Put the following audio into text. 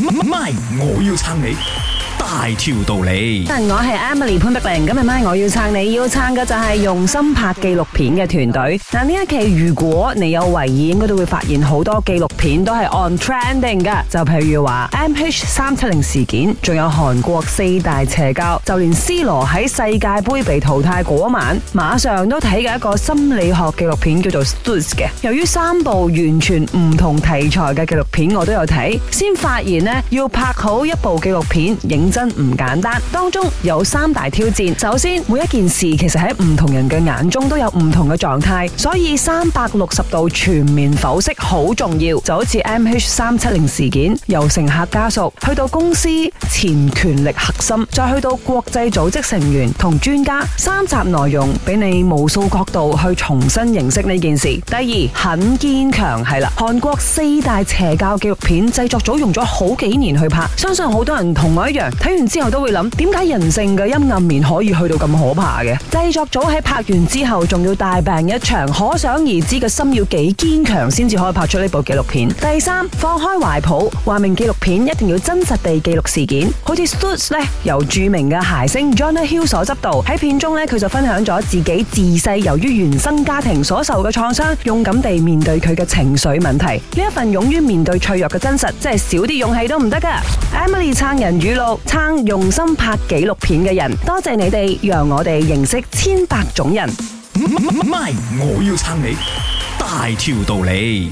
MY，我要撐你。大條道理，我係 Emily 潘碧玲，今日晚我要撐你，要撐嘅就係用心拍紀錄片嘅團隊。嗱，呢一期如果你有留意，應該都會發現好多紀錄片都係 on trending 㗎，就譬如話 MH 三七零事件，仲有韓國四大邪教，就連 C 羅喺世界杯被淘汰嗰晚，馬上都睇嘅一個心理學紀錄片叫做 Stutz 嘅。由於三部完全唔同題材嘅紀錄片，我都有睇，先發現呢，要拍好一部紀錄片影。真唔簡單，當中有三大挑戰。首先，每一件事其實喺唔同人嘅眼中都有唔同嘅狀態，所以三百六十度全面剖析好重要。就好似 MH370 事件，由乘客家屬去到公司前權力核心，再去到國際組織成員同專家，三集內容俾你無數角度去重新認識呢件事。第二，很堅強係啦，韓國四大邪教紀錄片製作組用咗好幾年去拍，相信好多人同我一樣。睇完之後都會諗，點解人性嘅陰暗面可以去到咁可怕嘅？製作組喺拍完之後仲要大病一場，可想而知個心要幾堅強先至可以拍出呢部紀錄片。第三，放開懷抱，話明紀錄片一定要真實地記錄事件。好似 Stutz 咧，由著名嘅諧星 Jonah Hill 所執導，喺片中呢，佢就分享咗自己自細由於原生家庭所受嘅創傷，勇敢地面對佢嘅情緒問題。呢一份勇於面對脆弱嘅真實，真係少啲勇氣都唔得噶。Emily 撐人語錄。撐用心拍紀錄片嘅人，多謝你哋，讓我哋認識千百種人。唔、唔係，我要撐你，大條道理。